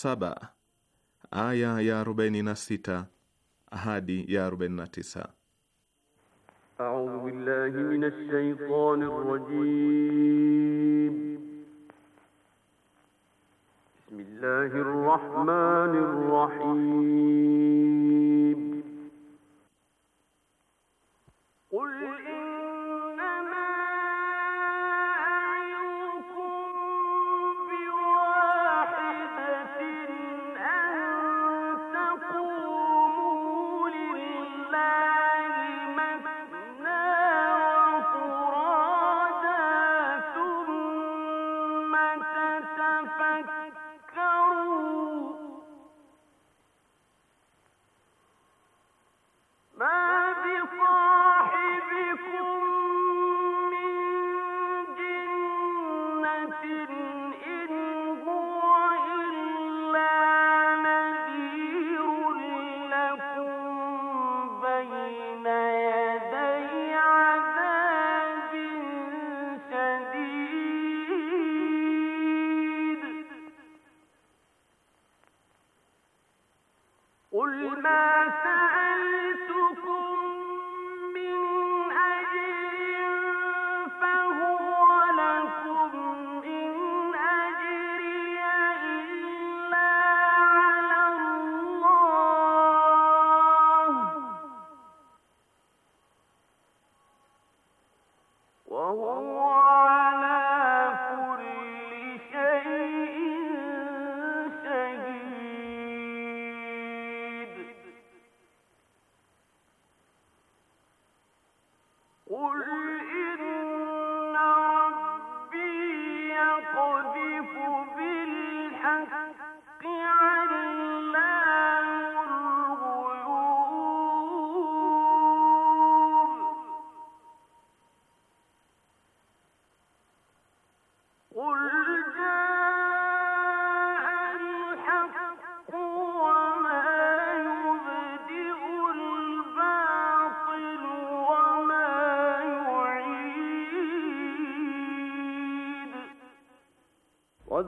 saba aya ya arobaini na sita hadi ya arobaini na tisa. Audhu billahi minash shaitani rajim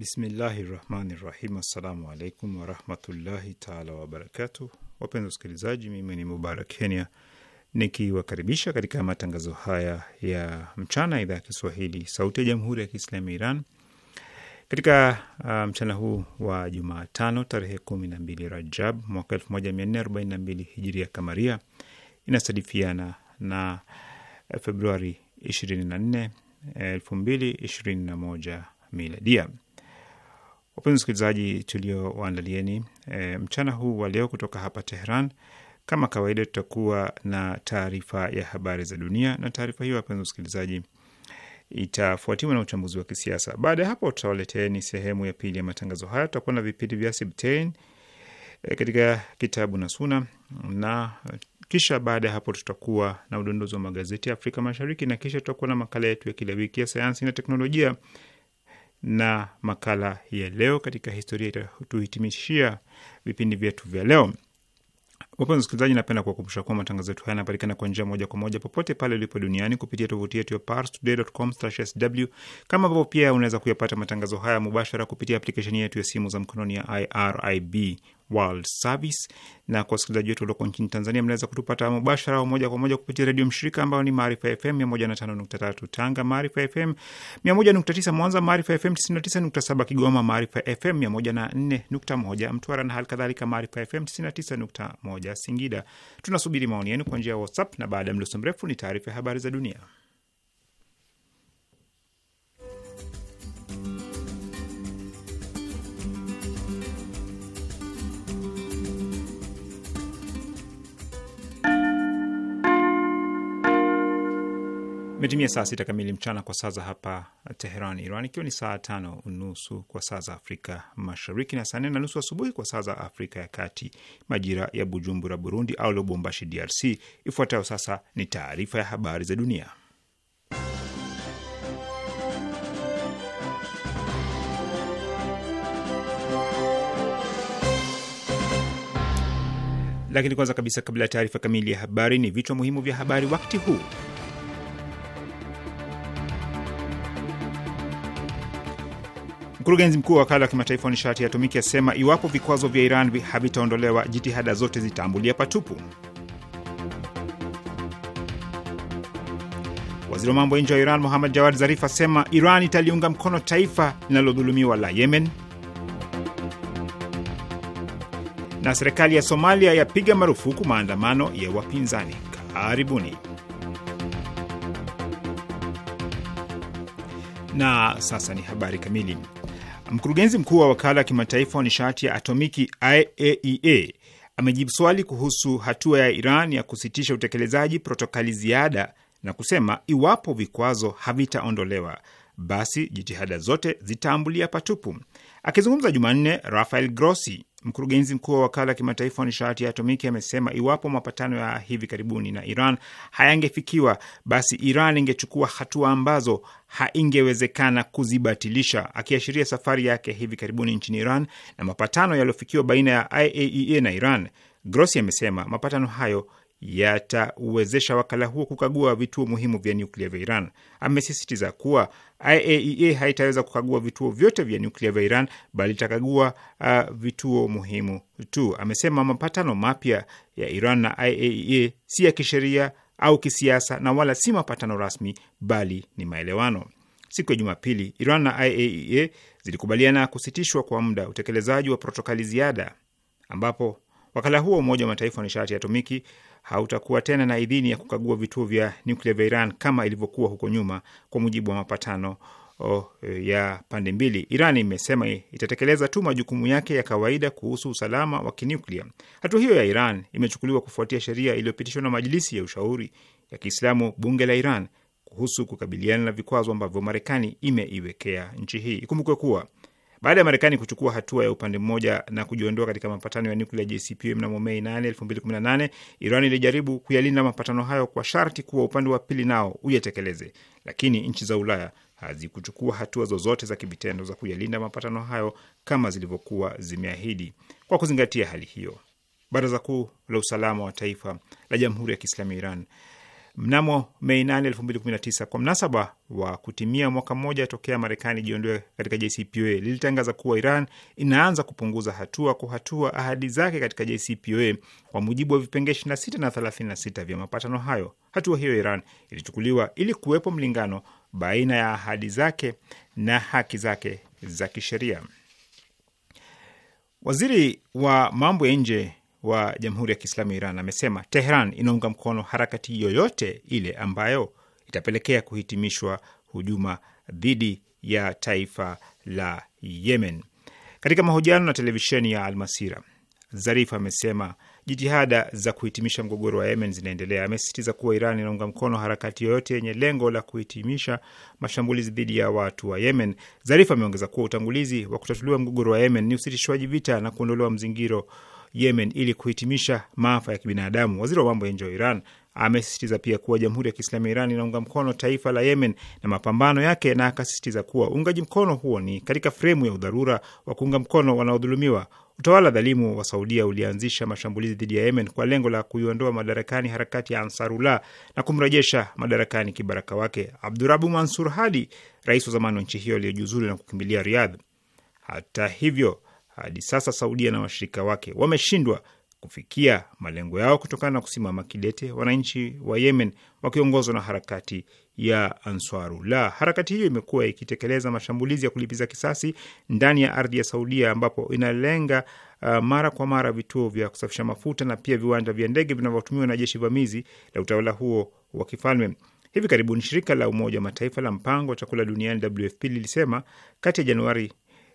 Bismillahi rahmani rahim. Assalamu alaikum warahmatullahi taala wabarakatu. Wapenzi wasikilizaji, mimi ni Mubarak Kenya nikiwakaribisha katika matangazo haya ya mchana, idhaa ya Kiswahili sauti ya jamhuri ya kiislami ya Iran katika uh, mchana huu wa Jumatano tarehe kumi na mbili Rajab mwaka elfu moja mia nne arobaini na mbili hijiria kamaria inasadifiana na Februari ishirini na nne eh, elfu mbili ishirini na moja miladia. Wapenzi wasikilizaji, tuliowaandalieni e, mchana huu wa leo kutoka hapa Tehran. Kama kawaida, tutakuwa na taarifa ya habari za dunia, na taarifa hiyo wapenzi wasikilizaji, itafuatiwa na uchambuzi wa kisiasa. Baada ya hapo, tutawaleteeni sehemu ya pili ya matangazo haya. Tutakuwa na vipindi vya Sibtain e, eh, katika kitabu na Suna, na kisha baada ya hapo tutakuwa na udondozi wa magazeti ya Afrika Mashariki, na kisha tutakuwa na makala yetu ya kila wiki ya sayansi na teknolojia na makala ya leo katika historia itatuhitimishia vipindi vyetu vya leo. Wapenzi wasikilizaji, napenda kuwakumbusha kuwa matangazo yetu haya yanapatikana kwa njia moja kwa moja popote pale ulipo duniani kupitia tovuti yetu ya parstoday.com/sw, kama ambavyo pia unaweza kuyapata matangazo haya mubashara kupitia aplikesheni yetu ya simu za mkononi ya IRIB World Service. Na kwa wasikilizaji wetu walioko nchini Tanzania, mnaweza kutupata mubashara au moja kwa moja kupitia redio mshirika ambayo ni Maarifa FM 105.3 Tanga, Maarifa FM 101.9 Mwanza, Maarifa FM 99.7 Kigoma, Maarifa FM 104.1 Mtwara na hali kadhalika Maarifa FM 99.1 Singida. Tunasubiri maoni yenu kwa njia ya WhatsApp na baada ya mdoso mrefu ni taarifa ya habari za dunia. Imetimia saa sita kamili mchana kwa saa za hapa Teheran, Iran, ikiwa ni saa tano unusu kwa saa za Afrika Mashariki na saa nne na nusu asubuhi kwa saa za Afrika ya Kati, majira ya Bujumbura, Burundi, au Lubumbashi, DRC. Ifuatayo sasa ni taarifa ya habari za dunia, lakini kwanza kabisa, kabla ya taarifa kamili ya habari, ni vichwa muhimu vya habari wakati huu. Mkurugenzi mkuu wa wakala wa kimataifa wa nishati ya atomiki asema iwapo vikwazo vya Iran havitaondolewa, jitihada zote zitaambulia patupu. Waziri wa mambo ya nje wa Iran Muhammad Jawad Zarif asema Iran italiunga mkono taifa linalodhulumiwa la Yemen, na serikali ya Somalia yapiga marufuku maandamano ya wapinzani. Karibuni. Na sasa ni habari kamili. Mkurugenzi mkuu wa wakala wa kimataifa wa nishati ya atomiki IAEA e amejibu swali kuhusu hatua ya Iran ya kusitisha utekelezaji protokali ziada na kusema iwapo vikwazo havitaondolewa basi jitihada zote zitaambulia patupu. Akizungumza Jumanne, Rafael Grossi, Mkurugenzi mkuu wa wakala wa kimataifa wa nishati ya atomiki amesema iwapo mapatano ya hivi karibuni na Iran hayangefikiwa, basi Iran ingechukua hatua ambazo haingewezekana kuzibatilisha, akiashiria safari yake hivi karibuni nchini Iran na mapatano yaliyofikiwa baina ya IAEA e na Iran. Grossi amesema mapatano hayo yatauwezesha wakala huo kukagua vituo muhimu vya nyuklia vya Iran. Amesisitiza kuwa IAEA e haitaweza kukagua vituo vyote vya nyuklia vya Iran, bali itakagua uh, vituo muhimu tu. Amesema mapatano mapya ya Iran na IAEA e si ya kisheria au kisiasa na wala si mapatano rasmi, bali ni maelewano. Siku ya Jumapili, Iran na IAEA e zilikubaliana kusitishwa kwa muda utekelezaji wa protokali ziada, ambapo wakala huo Umoja wa Mataifa wa nishati ya atomiki hautakuwa tena na idhini ya kukagua vituo vya nyuklia vya Iran kama ilivyokuwa huko nyuma, kwa mujibu wa mapatano oh, ya pande mbili. Iran imesema itatekeleza tu majukumu yake ya kawaida kuhusu usalama wa kinuklia. Hatua hiyo ya Iran imechukuliwa kufuatia sheria iliyopitishwa na Majilisi ya Ushauri ya Kiislamu, bunge la Iran, kuhusu kukabiliana na vikwazo ambavyo Marekani imeiwekea nchi hii. Ikumbukwe kuwa baada ya Marekani kuchukua hatua ya upande mmoja na kujiondoa katika mapatano ya nuklia JCPOA mnamo Mei 8, 2018, Iran ilijaribu kuyalinda mapatano hayo kwa sharti kuwa upande wa pili nao uyetekeleze, lakini nchi za Ulaya hazikuchukua hatua zozote za kivitendo za kuyalinda mapatano hayo kama zilivyokuwa zimeahidi. Kwa kuzingatia hali hiyo, Baraza Kuu la Usalama wa Taifa la Jamhuri ya Kiislamu ya Iran mnamo Mei 8, 2019 kwa mnasaba wa kutimia mwaka mmoja tokea Marekani jiondoe katika JCPOA, lilitangaza kuwa Iran inaanza kupunguza hatua kwa hatua ahadi zake katika JCPOA kwa mujibu wa vipengee 26 na 36 vya mapatano hayo. Hatua hiyo Iran ilichukuliwa ili kuwepo mlingano baina ya ahadi zake na haki zake za kisheria. Waziri wa mambo ya nje wa Jamhuri ya Kiislamu ya Iran amesema Tehran inaunga mkono harakati yoyote ile ambayo itapelekea kuhitimishwa hujuma dhidi ya taifa la Yemen. Katika mahojiano na televisheni ya Almasira, Zarif amesema jitihada za kuhitimisha mgogoro wa Yemen zinaendelea. Amesisitiza kuwa Iran inaunga mkono harakati yoyote yenye lengo la kuhitimisha mashambulizi dhidi ya watu wa Yemen. Zarif ameongeza kuwa utangulizi wa kutatuliwa mgogoro wa Yemen ni usitishwaji vita na kuondolewa mzingiro Yemen ili kuhitimisha maafa ya kibinadamu. Waziri wa mambo ya nje wa Iran amesisitiza pia kuwa Jamhuri ya Kiislamu ya Iran inaunga mkono taifa la Yemen na mapambano yake, na akasisitiza kuwa uungaji mkono huo ni katika fremu ya udharura wa kuunga mkono wanaodhulumiwa. Utawala dhalimu wa Saudia ulianzisha mashambulizi dhidi ya Yemen kwa lengo la kuiondoa madarakani harakati ya Ansarullah na kumrejesha madarakani kibaraka wake Abdurabu Mansur Hadi, rais wa zamani wa nchi hiyo aliyejuzulu na kukimbilia Riyadh. Hata hivyo hadi sasa Saudia na washirika wake wameshindwa kufikia malengo yao kutokana na kusimama kidete wananchi wa Yemen wakiongozwa na harakati ya Ansarullah. Harakati hiyo imekuwa ikitekeleza mashambulizi ya kulipiza kisasi ndani ya ardhi ya Saudia, ambapo inalenga uh, mara kwa mara vituo vya kusafisha mafuta na pia viwanja vya ndege vinavyotumiwa na jeshi vamizi la utawala huo wa kifalme. Hivi karibuni shirika la Umoja wa Mataifa la mpango wa chakula duniani WFP lilisema kati ya Januari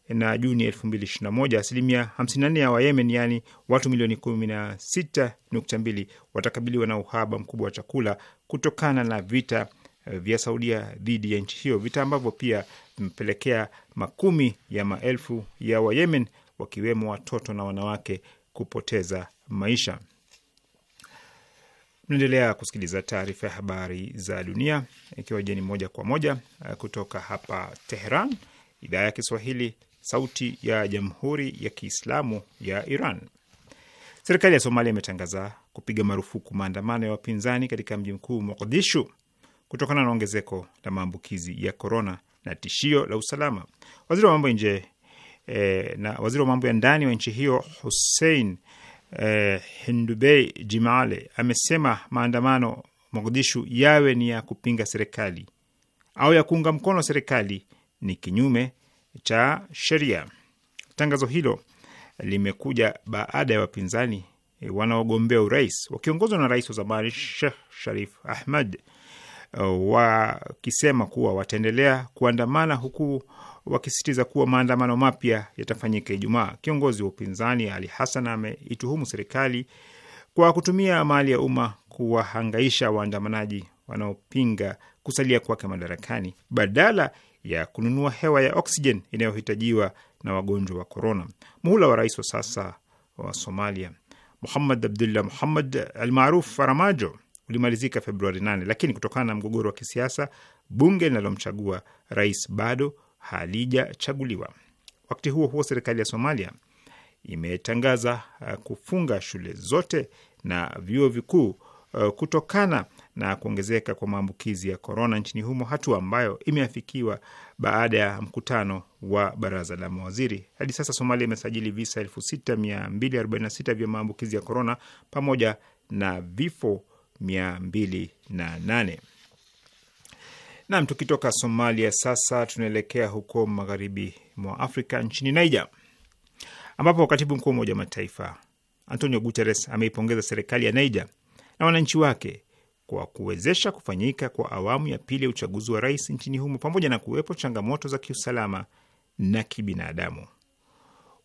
na Juni 2021, asilimia 54 ya Wayemen, yaani watu milioni 16.2 watakabiliwa na uhaba mkubwa wa chakula kutokana na vita eh, vya Saudia dhidi ya nchi hiyo, vita ambavyo pia vimepelekea makumi ya maelfu ya Wayemen, wakiwemo watoto na wanawake kupoteza maisha. Mnaendelea kusikiliza taarifa ya habari za dunia, ikiwa jeni moja kwa moja eh, kutoka hapa Teheran, idhaa ya Kiswahili, sauti ya jamhuri ya Kiislamu ya Iran. Serikali ya Somalia imetangaza kupiga marufuku maandamano ya wapinzani katika mji mkuu Mogadishu kutokana na ongezeko la maambukizi ya korona na tishio la usalama. Waziri wa mambo nje e, na waziri wa mambo ya ndani wa nchi hiyo Hussein e, Hindubei Jimale amesema maandamano Mogadishu yawe ni ya kupinga serikali au ya kuunga mkono serikali ni kinyume cha sheria. Tangazo hilo limekuja baada ya wapinzani eh, wanaogombea urais wakiongozwa na rais wa zamani Sheikh Sharif Ahmad eh, wakisema kuwa wataendelea kuandamana huku wakisisitiza kuwa maandamano mapya yatafanyika Ijumaa. Kiongozi wa upinzani Ali Hassan ameituhumu serikali kwa kutumia mali ya umma kuwahangaisha waandamanaji wanaopinga kusalia kwake madarakani badala ya kununua hewa ya oksijen inayohitajiwa na wagonjwa wa korona. Muhula wa rais wa sasa wa Somalia Muhammad Abdullah Muhammad almaruf Faramajo ulimalizika Februari 8, lakini kutokana na mgogoro wa kisiasa bunge linalomchagua rais bado halijachaguliwa. Wakati huo huo, serikali ya Somalia imetangaza uh, kufunga shule zote na vyuo vikuu uh, kutokana na kuongezeka kwa maambukizi ya korona nchini humo, hatua ambayo imeafikiwa baada ya mkutano wa baraza la mawaziri. Hadi sasa Somalia imesajili visa 6246 vya maambukizi ya korona pamoja na vifo 208. Nam, tukitoka Somalia sasa tunaelekea huko magharibi mwa Afrika, nchini Niger, ambapo katibu mkuu wa Umoja wa Mataifa Antonio Guterres ameipongeza serikali ya Niger na wananchi wake kwa kuwezesha kufanyika kwa awamu ya pili ya uchaguzi wa rais nchini humo pamoja na kuwepo changamoto za kiusalama na kibinadamu.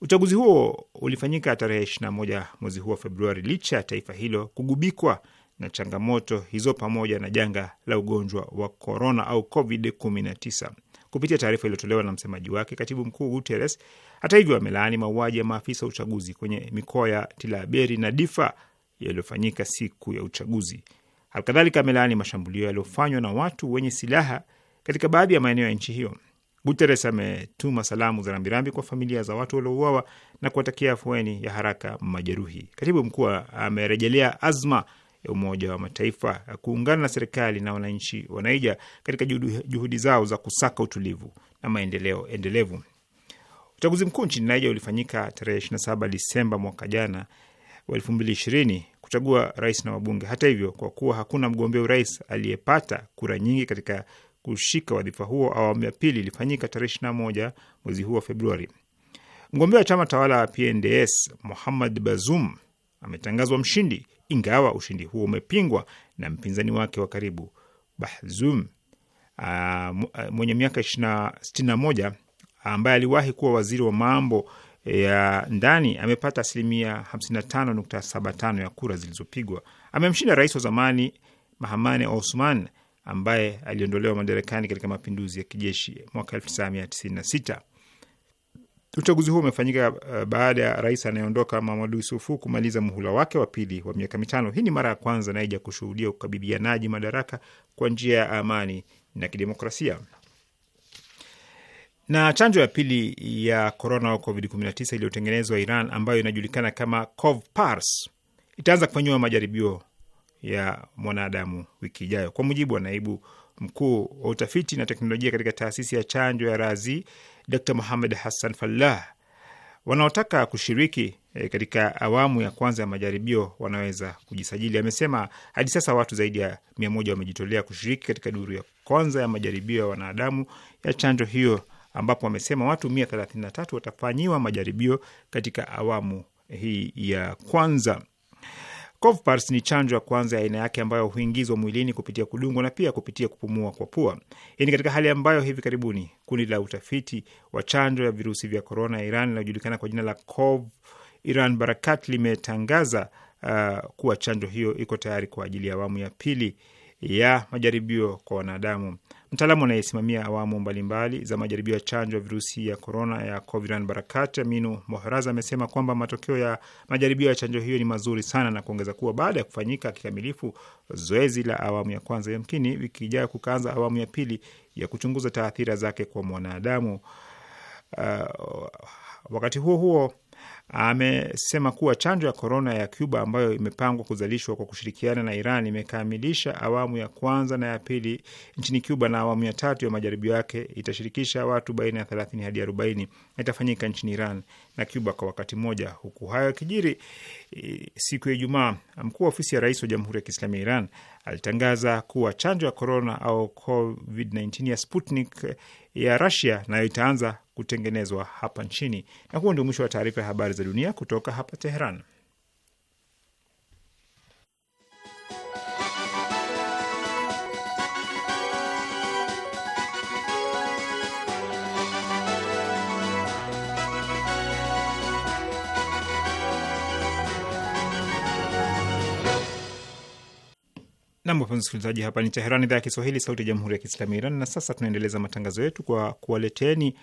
Uchaguzi huo ulifanyika tarehe 21 mwezi huu wa Februari licha ya taifa hilo kugubikwa na changamoto hizo pamoja na janga la ugonjwa wa korona au COVID-19. Kupitia taarifa iliyotolewa na msemaji wake, katibu mkuu Guterres hata hivyo amelaani mauaji ya maafisa uchaguzi kwenye mikoa ya Tilaberi na Difa yaliyofanyika siku ya uchaguzi. Alkadhalika amelaani mashambulio yaliyofanywa na watu wenye silaha katika baadhi ya maeneo ya nchi hiyo. Guteres ametuma salamu za rambirambi kwa familia za watu waliouawa na kuwatakia afueni ya haraka majeruhi. Katibu mkuu amerejelea azma ya Umoja wa Mataifa ya kuungana na serikali na wananchi wa Naija katika juhudi zao za kusaka utulivu na maendeleo endelevu. Uchaguzi mkuu nchini Naija ulifanyika tarehe 27 Disemba mwaka jana wa 2020 kuchagua rais na wabunge. Hata hivyo, kwa kuwa hakuna mgombea urais aliyepata kura nyingi katika kushika wadhifa huo, awamu ya pili ilifanyika tarehe 21 mwezi huu wa Februari. Mgombea wa chama tawala PNDS Muhammad Bazoum ametangazwa mshindi, ingawa ushindi huo umepingwa na mpinzani wake wa karibu Bahzum ah, ah, mwenye miaka 61 ambaye aliwahi kuwa waziri wa mambo ya ndani amepata asilimia 55.75 ya kura zilizopigwa. Amemshinda rais wa zamani Mahamane Osman ambaye aliondolewa madarakani katika mapinduzi ya kijeshi mwaka 1996. Uchaguzi huo umefanyika eh, baada ya rais anayeondoka Mamadu Yusufu kumaliza muhula wake wa pili wa miaka mitano. Hii ni mara ya kwanza Naija kushuhudia ukabidhianaji madaraka kwa njia ya amani na kidemokrasia. Na chanjo ya pili ya korona au COVID-19 iliyotengenezwa Iran ambayo inajulikana kama Covpars itaanza kufanyiwa majaribio ya mwanadamu wiki ijayo, kwa mujibu wa naibu mkuu wa utafiti na teknolojia katika taasisi ya chanjo ya Razi, Dr Muhamed Hassan Fallah. Wanaotaka kushiriki eh, katika awamu ya kwanza ya majaribio wanaweza kujisajili. Amesema hadi sasa watu zaidi ya mia moja wamejitolea kushiriki katika duru ya kwanza ya majaribio ya wanadamu ya chanjo hiyo ambapo wamesema watu 133 watafanyiwa majaribio katika awamu hii ya kwanza. Covpars ni chanjo ya kwanza ya aina yake ambayo huingizwa mwilini kupitia kudungwa na pia kupitia kupumua kwa pua. Hii ni katika hali ambayo hivi karibuni kundi la utafiti wa chanjo ya virusi vya korona ya Iran linalojulikana kwa jina la Cov Iran Barakat limetangaza uh, kuwa chanjo hiyo iko tayari kwa ajili ya awamu ya pili ya majaribio kwa wanadamu. Mtaalamu anayesimamia awamu mbalimbali za majaribio ya chanjo ya virusi ya korona ya Covid Barakat Aminu Mohraz amesema kwamba matokeo ya majaribio ya chanjo hiyo ni mazuri sana, na kuongeza kuwa baada ya kufanyika kikamilifu zoezi la awamu ya kwanza, yamkini wiki ijayo kukaanza awamu ya pili ya kuchunguza taathira zake kwa mwanadamu. Uh, wakati huo huo amesema kuwa chanjo ya korona ya Cuba ambayo imepangwa kuzalishwa kwa kushirikiana na Iran imekamilisha awamu ya kwanza na ya pili nchini Cuba, na awamu ya tatu ya majaribio yake itashirikisha watu baina ya thelathini hadi arobaini na itafanyika nchini Iran na Cuba kwa wakati mmoja. Huku hayo yakijiri, e, siku ya Ijumaa, mkuu wa ofisi ya rais wa Jamhuri ya Kiislamu ya Iran alitangaza kuwa chanjo ya korona au COVID-19 ya Sputnik ya Russia nayo itaanza kutengenezwa hapa nchini. Na huo ndio mwisho wa taarifa ya habari za dunia kutoka hapa Teheran. Namwapea msikilizaji, hapa ni Teherani, idhaa ya Kiswahili, sauti ya jamhuri ya kiislamu ya Iran. Na sasa tunaendeleza matangazo yetu kwa kuwaleteni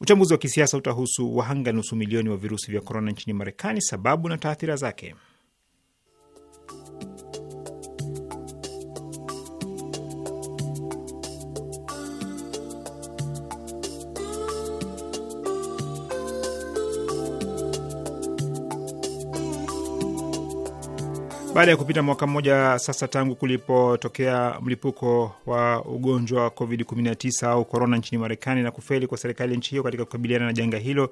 Uchambuzi wa kisiasa utahusu wahanga nusu milioni wa virusi vya korona nchini Marekani, sababu na taathira zake. Baada ya kupita mwaka mmoja sasa tangu kulipotokea mlipuko wa ugonjwa wa COVID-19 au korona nchini Marekani na kufeli kwa serikali nchi hiyo katika kukabiliana na janga hilo,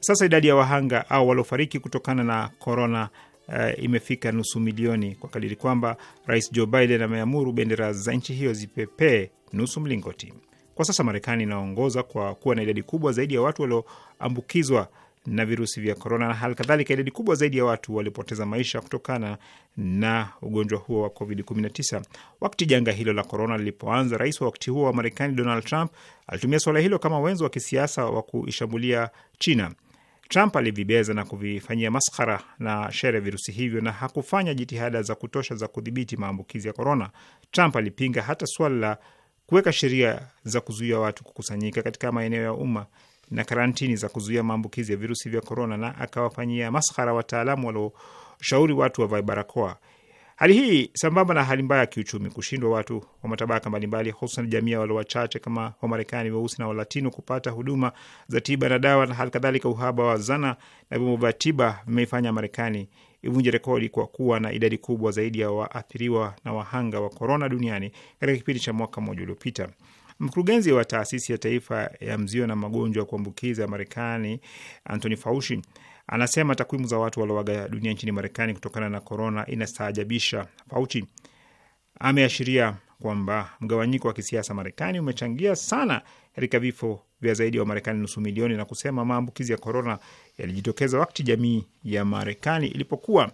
sasa idadi ya wahanga au waliofariki kutokana na korona Uh, eh, imefika nusu milioni kwa kadiri kwamba Rais Joe Biden ameamuru bendera za nchi hiyo zipepee nusu mlingoti. Kwa sasa Marekani inaongoza kwa kuwa na idadi kubwa zaidi ya watu walioambukizwa na virusi vya korona, na hali kadhalika idadi kubwa zaidi ya watu walipoteza maisha kutokana na ugonjwa huo wa COVID-19. Wakati janga hilo la korona lilipoanza, rais wa wakati huo wa Marekani Donald Trump alitumia suala hilo kama wenzo wa kisiasa wa kuishambulia China. Trump alivibeza na kuvifanyia maskhara na shere virusi hivyo na hakufanya jitihada za kutosha za kudhibiti maambukizi ya korona. Trump alipinga hata suala la kuweka sheria za kuzuia watu kukusanyika katika maeneo ya umma na karantini za kuzuia maambukizi ya virusi vya korona, na akawafanyia maskhara wataalamu walioshauri watu wavae barakoa. Hali hii sambamba na hali mbaya ya kiuchumi, kushindwa watu wa matabaka mbalimbali, hususan jamii ya walio wachache kama Wamarekani weusi na Walatino kupata huduma za tiba na dawa, na hali kadhalika uhaba wa zana na vyombo vya tiba vimeifanya Marekani ivunje rekodi kwa kuwa na idadi kubwa zaidi ya waathiriwa na wahanga wa korona duniani katika kipindi cha mwaka mmoja uliopita. Mkurugenzi wa taasisi ya taifa ya mzio na magonjwa ya kuambukiza Marekani, Anthony Fauci anasema takwimu za watu walioaga dunia nchini Marekani kutokana na korona inastaajabisha. Fauci ameashiria kwamba mgawanyiko wa kisiasa Marekani umechangia sana katika vifo vya zaidi ya wa Wamarekani nusu milioni na kusema maambukizi ya korona yalijitokeza wakati jamii ya Marekani ilipokuwa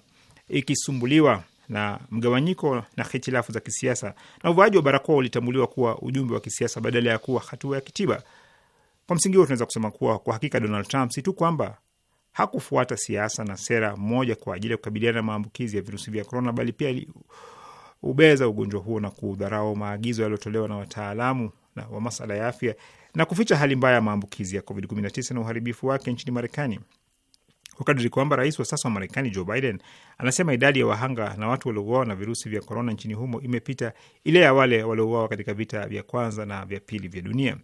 ikisumbuliwa na mgawanyiko na hitilafu za kisiasa, na uvaaji wa barakoa ulitambuliwa kuwa ujumbe wa kisiasa badala ya kuwa hatua ya kitiba. Kwa msingi huo, tunaweza kusema kuwa kwa hakika Donald Trump si tu kwamba hakufuata siasa na sera moja kwa ajili ya kukabiliana na maambukizi ya virusi vya korona, bali pia aliubeza ugonjwa huo na kudharau maagizo yaliyotolewa na wataalamu na wa masala ya afya na kuficha hali mbaya ya maambukizi ya COVID-19 na uharibifu wake nchini Marekani kwa kadri kwamba rais wa sasa wa Marekani Joe Biden anasema idadi ya wahanga na watu waliouawa na virusi vya korona nchini humo imepita ile ya wale waliouawa katika vita vya kwanza na vya pili vya dunia.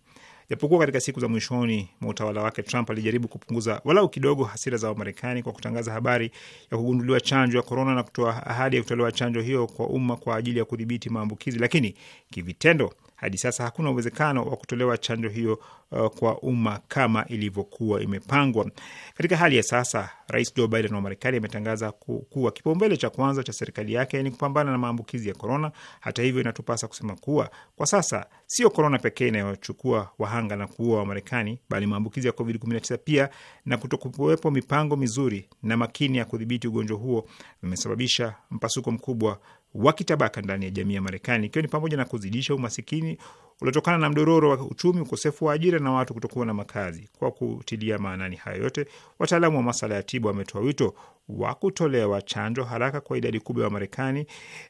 Japokuwa katika siku za mwishoni mwa utawala wake Trump alijaribu kupunguza walau kidogo hasira za Wamarekani kwa kutangaza habari ya kugunduliwa chanjo ya korona na kutoa ahadi ya kutolewa chanjo hiyo kwa umma kwa ajili ya kudhibiti maambukizi, lakini kivitendo hadi sasa hakuna uwezekano wa kutolewa chanjo hiyo uh, kwa umma kama ilivyokuwa imepangwa. Katika hali ya sasa, Rais Joe Biden wa Marekani ametangaza kuwa kipaumbele cha kwanza cha serikali yake ni kupambana na maambukizi ya korona. Hata hivyo, inatupasa kusema kuwa kwa sasa sio korona pekee inayochukua wahanga na kuua Wamarekani, bali maambukizi ya COVID-19 pia na kutokuwepo mipango mizuri na makini ya kudhibiti ugonjwa huo vimesababisha mpasuko mkubwa wa kitabaka ndani ya jamii ya Marekani, ikiwa ni pamoja na kuzidisha umasikini uliotokana na mdororo wa uchumi, ukosefu wa ajira na watu kutokuwa na makazi. Kwa kutilia maanani hayo yote, wataalamu wa masala ya tiba wametoa wito wa kutolewa chanjo haraka kwa idadi kubwa ya Marekani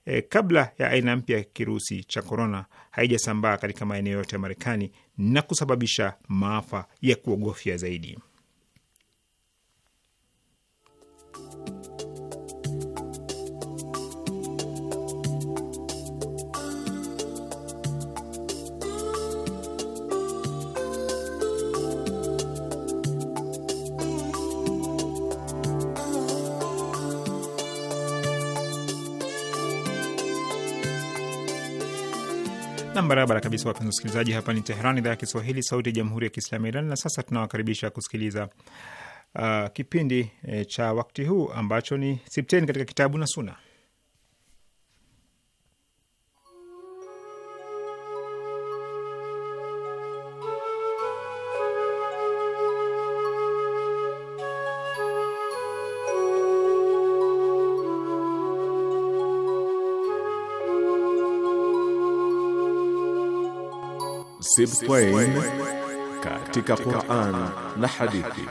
eh, kabla ya aina mpya ya kirusi cha korona haijasambaa katika maeneo yote ya Marekani na kusababisha maafa ya kuogofya zaidi. Nam, barabara kabisa, wapenzi wasikilizaji, hapa ni Teheran, idhaa ya Kiswahili, sauti ya jamhuri ya kiislamu ya Iran. Na sasa tunawakaribisha kusikiliza uh, kipindi e, cha wakti huu ambacho ni Sipteni katika kitabu na Suna. Sibtain katika Qur'an na hadithi.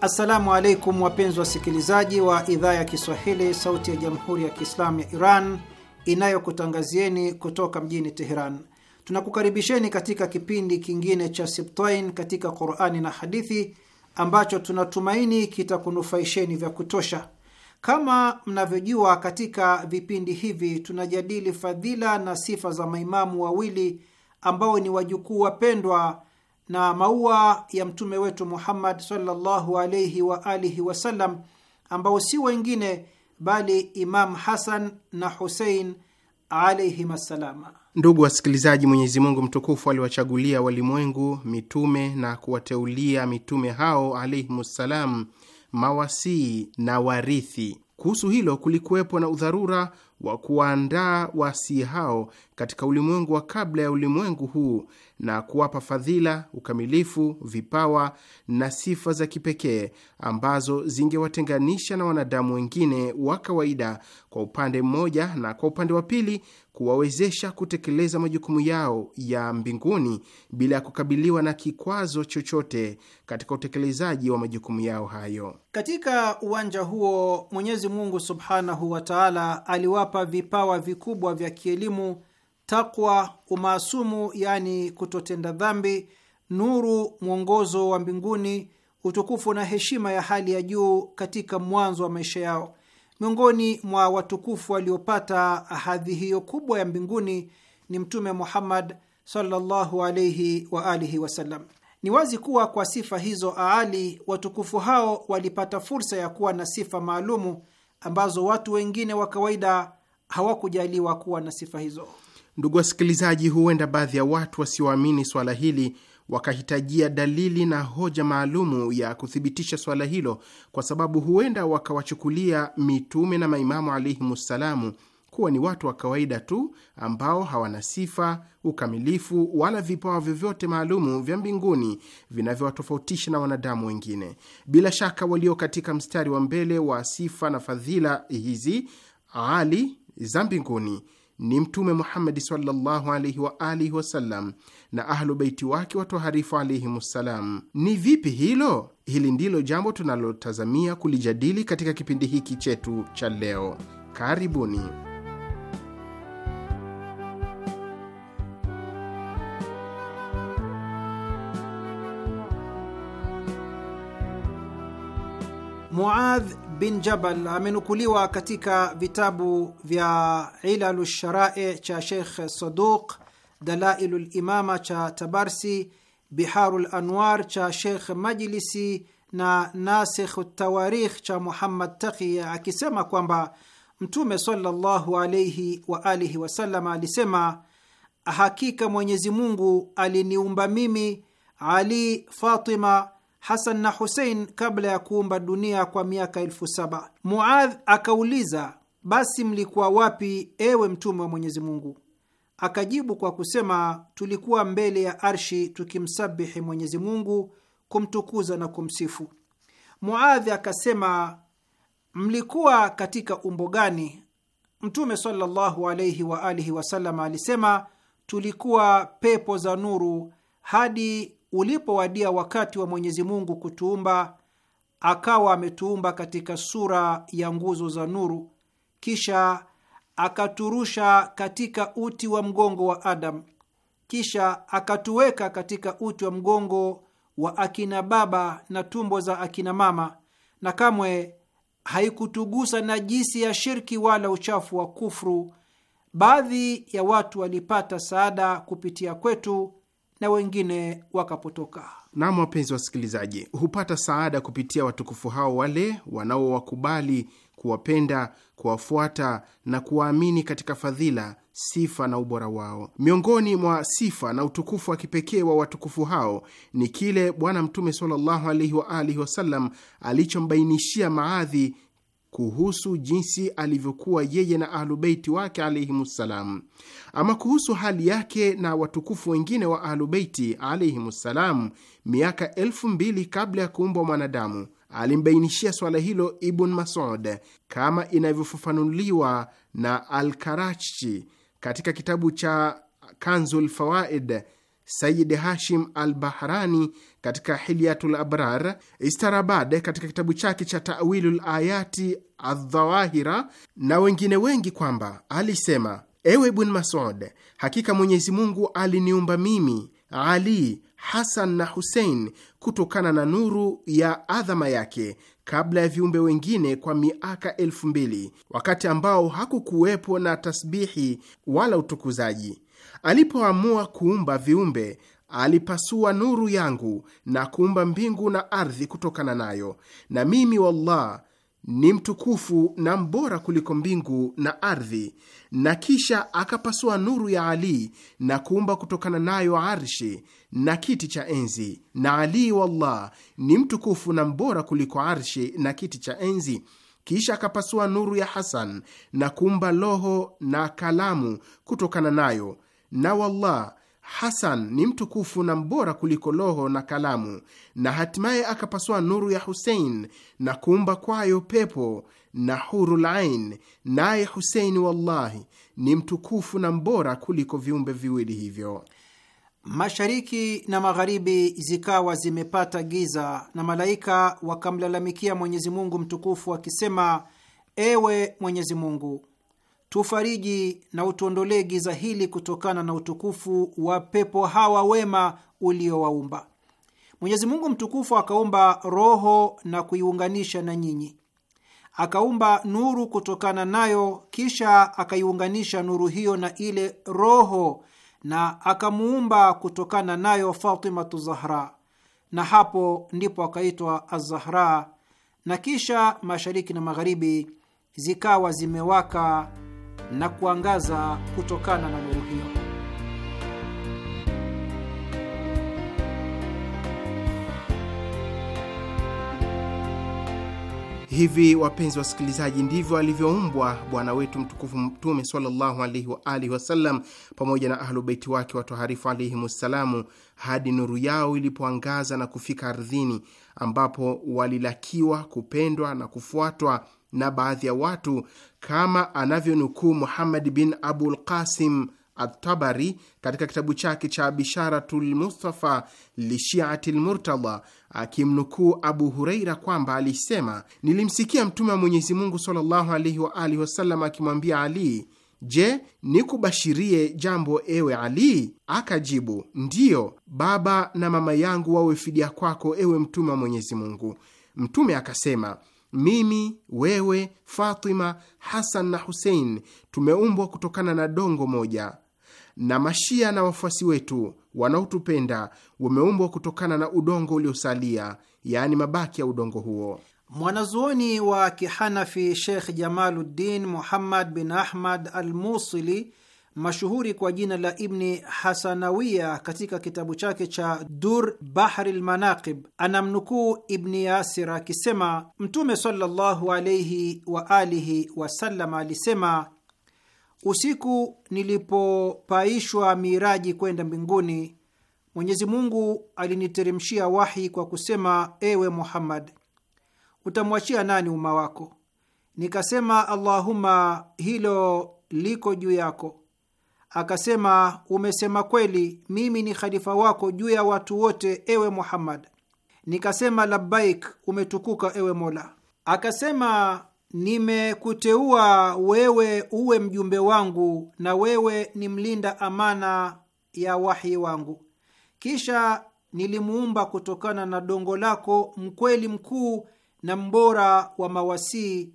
Assalamu alaikum wapenzi wasikilizaji wa idhaa ya Kiswahili sauti ya Jamhuri ya Kiislamu ya Iran inayokutangazieni kutoka mjini Teheran. Tunakukaribisheni katika kipindi kingine cha Sibtain katika Qur'ani na hadithi ambacho tunatumaini kitakunufaisheni vya kutosha. Kama mnavyojua, katika vipindi hivi tunajadili fadhila na sifa za maimamu wawili ambao ni wajukuu wapendwa na maua ya mtume wetu Muhammad sallallahu alaihi wa alihi wasallam, ambao si wengine bali Imam Hasan na Husein alaihim assalama. Ndugu wasikilizaji, Mwenyezi Mungu mtukufu aliwachagulia walimwengu mitume na kuwateulia mitume hao alaihimussalam mawasii na warithi. Kuhusu hilo kulikuwepo na udharura wa kuwaandaa wasii hao katika ulimwengu wa kabla ya ulimwengu huu na kuwapa fadhila, ukamilifu, vipawa na sifa za kipekee ambazo zingewatenganisha na wanadamu wengine wa kawaida kwa upande mmoja, na kwa upande wa pili kuwawezesha kutekeleza majukumu yao ya mbinguni bila ya kukabiliwa na kikwazo chochote katika utekelezaji wa majukumu yao hayo. Katika uwanja huo Mwenyezi Mungu subhanahu wa taala aliwapa kuwapa vipawa vikubwa vya kielimu, takwa, umaasumu, yaani kutotenda dhambi, nuru, mwongozo wa mbinguni, utukufu na heshima ya hali ya juu katika mwanzo wa maisha yao. Miongoni mwa watukufu waliopata hadhi hiyo kubwa ya mbinguni ni Mtume Muhammad sallallahu wa alihi wasallam. Ni wazi kuwa kwa sifa hizo aali, watukufu hao walipata fursa ya kuwa na sifa maalumu ambazo watu wengine wa kawaida hawakujaliwa kuwa na sifa hizo. Ndugu wasikilizaji, huenda baadhi ya watu wasioamini swala hili wakahitajia dalili na hoja maalumu ya kuthibitisha swala hilo, kwa sababu huenda wakawachukulia mitume na maimamu ssalamu kuwa ni watu wa kawaida tu ambao hawana sifa, ukamilifu wala vipawa vyovyote maalumu vya mbinguni vinavyowatofautisha na wanadamu wengine. Bila shaka walio katika mstari wa mbele wa sifa na fadhila hizi Ali, za mbinguni ni Mtume Muhammadi sallallahu alaihi wa alihi wasallam na Ahlu Beiti wake watoharifu alaihimussalam. Ni vipi hilo? Hili ndilo jambo tunalotazamia kulijadili katika kipindi hiki chetu cha leo. Karibuni. Muadh bin Jabal amenukuliwa katika vitabu vya Ilalu Sharae cha Sheikh Saduq, Dalailu Limama cha Tabarsi, Biharu Lanwar cha Sheikh Majlisi na nasikh Tawarikh cha Muhammad Taqi akisema kwamba Mtume sallallahu alaihi wa alihi wasallam alisema, hakika Mwenyezi Mungu aliniumba mimi, Ali, Fatima Hasan na Husein kabla ya kuumba dunia kwa miaka elfu saba. Muadh akauliza, basi mlikuwa wapi, ewe mtume wa Mwenyezi Mungu? Akajibu kwa kusema, tulikuwa mbele ya arshi tukimsabihi Mwenyezi Mungu, kumtukuza na kumsifu. Muadhi akasema, mlikuwa katika umbo gani? Mtume sallallahu alaihi wa alihi wasallam alisema, tulikuwa pepo za nuru hadi ulipowadia wakati wa Mwenyezi Mungu kutuumba, akawa ametuumba katika sura ya nguzo za nuru, kisha akaturusha katika uti wa mgongo wa Adamu, kisha akatuweka katika uti wa mgongo wa akina baba na tumbo za akina mama, na kamwe haikutugusa najisi ya shirki wala uchafu wa kufru. Baadhi ya watu walipata saada kupitia kwetu na wengine wakapotoka. Naam, wapenzi wasikilizaji, hupata saada kupitia watukufu hao wale wanaowakubali, kuwapenda, kuwafuata na kuwaamini katika fadhila, sifa na ubora wao. Miongoni mwa sifa na utukufu wa kipekee wa watukufu hao ni kile Bwana Mtume sallallahu alaihi wa alihi wasallam alichombainishia maadhi kuhusu jinsi alivyokuwa yeye na ahlubeiti wake alaihimussalam. Ama kuhusu hali yake na watukufu wengine wa ahlubeiti alaihimussalam, miaka elfu mbili kabla ya kuumbwa mwanadamu, alimbainishia swala hilo Ibn Masud kama inavyofafanuliwa na Alkarachi katika kitabu cha Kanzul Fawaid Sayid Hashim al Bahrani katika Hilyatul Abrar, Istarabad katika kitabu chake cha Tawilul Ayati Aldhawahira na wengine wengi kwamba alisema: ewe Ibn Masud, hakika Mwenyezi Mungu aliniumba mimi, Ali, Hasan na Husein kutokana na nuru ya adhama yake kabla ya viumbe wengine kwa miaka elfu mbili wakati ambao hakukuwepo na tasbihi wala utukuzaji Alipoamua kuumba viumbe, alipasua nuru yangu na kuumba mbingu na ardhi kutokana nayo, na mimi wallah ni mtukufu na mbora kuliko mbingu na ardhi. Na kisha akapasua nuru ya Ali na kuumba kutokana nayo arshi na kiti cha enzi, na Ali wallah ni mtukufu na mbora kuliko arshi na kiti cha enzi. Kisha akapasua nuru ya Hasan na kuumba loho na kalamu kutokana nayo na wallah Hasan ni mtukufu na mbora kuliko loho na kalamu, na hatimaye akapasua nuru ya Husein na kuumba kwayo pepo na huru lain. naye Husein wallahi ni mtukufu na mbora kuliko viumbe viwili hivyo. Mashariki na magharibi zikawa zimepata giza, na malaika wakamlalamikia Mwenyezi Mungu mtukufu wakisema, ewe Mwenyezi Mungu, tufariji na utuondolee giza hili kutokana na utukufu wa pepo hawa wema uliowaumba. Mwenyezi Mungu mtukufu akaumba roho na kuiunganisha na nyinyi, akaumba nuru kutokana nayo, kisha akaiunganisha nuru hiyo na ile roho, na akamuumba kutokana nayo Fatimatu Zahra, na hapo ndipo akaitwa azahra na kisha mashariki na magharibi zikawa zimewaka na kuangaza kutokana na nuru hiyo. Hivi wapenzi wasikilizaji, ndivyo alivyoumbwa bwana wetu mtukufu Mtume sallallahu alaihi wa alihi wasallam pamoja na ahlubeiti wake watoharifu wassalamu hadi nuru yao ilipoangaza na kufika ardhini, ambapo walilakiwa kupendwa na kufuatwa na baadhi ya watu kama anavyonukuu Muhammad bin Abul Qasim Atabari katika kitabu chake cha Bisharatu lmustafa Lishiati Lmurtada akimnukuu Abu Hureira kwamba alisema, nilimsikia Mtume wa Mwenyezi Mungu sallallahu alaihi wa alihi wasallam akimwambia Ali, je, nikubashirie jambo ewe Ali? Akajibu, ndiyo, baba na mama yangu wawe fidia kwako, ewe Mtume wa Mwenyezi Mungu. Mtume akasema mimi, wewe, Fatima, Hasan na Husein tumeumbwa kutokana na dongo moja, na Mashia na wafuasi wetu wanaotupenda wameumbwa kutokana na udongo uliosalia, yaani mabaki ya udongo huo. Mwanazuoni wa Kihanafi Sheikh Jamaluddin Muhammad bin Ahmad almusili Musili mashuhuri kwa jina la Ibni Hasanawiya katika kitabu chake cha Dur Bahri lmanaqib anamnukuu Ibni Yasir akisema Mtume sallallahu alaihi wa alihi wasallam alisema, usiku nilipopaishwa miraji kwenda mbinguni, Mwenyezi Mungu aliniteremshia wahi kwa kusema, ewe Muhammad, utamwachia nani umma wako? Nikasema, Allahumma hilo liko juu yako, akasema, umesema kweli, mimi ni khalifa wako juu ya watu wote, ewe Muhammad. Nikasema, labbaik, umetukuka ewe Mola. Akasema, nimekuteua wewe uwe mjumbe wangu na wewe ni mlinda amana ya wahi wangu. Kisha nilimuumba kutokana na dongo lako, mkweli mkuu na mbora wa mawasii,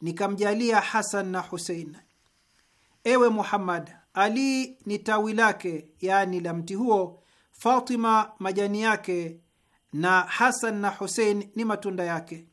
nikamjalia Hasan na Husein. Ewe Muhammad, ali ni tawi lake, yaani la mti huo, Fatima majani yake, na Hasan na Husein ni matunda yake.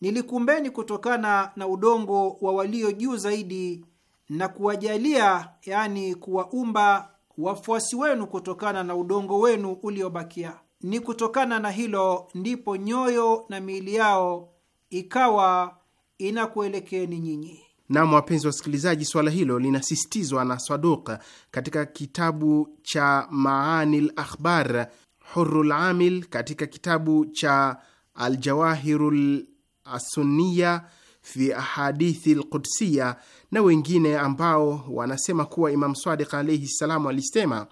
Nilikumbeni kutokana na udongo wa walio juu zaidi na kuwajalia, yaani kuwaumba wafuasi wenu kutokana na udongo wenu uliobakia. Ni kutokana na hilo ndipo nyoyo na miili yao ikawa inakuelekeeni nyinyi. Nam, wapenzi wa wasikilizaji, swala hilo linasisitizwa na Saduq katika kitabu cha Maani Lakhbar, Huru Lamil, katika kitabu cha Aljawahiru Assunniya fi Ahadithi Lqudsiya na wengine ambao wanasema kuwa Imam Sadiq alaihi ssalamu alisema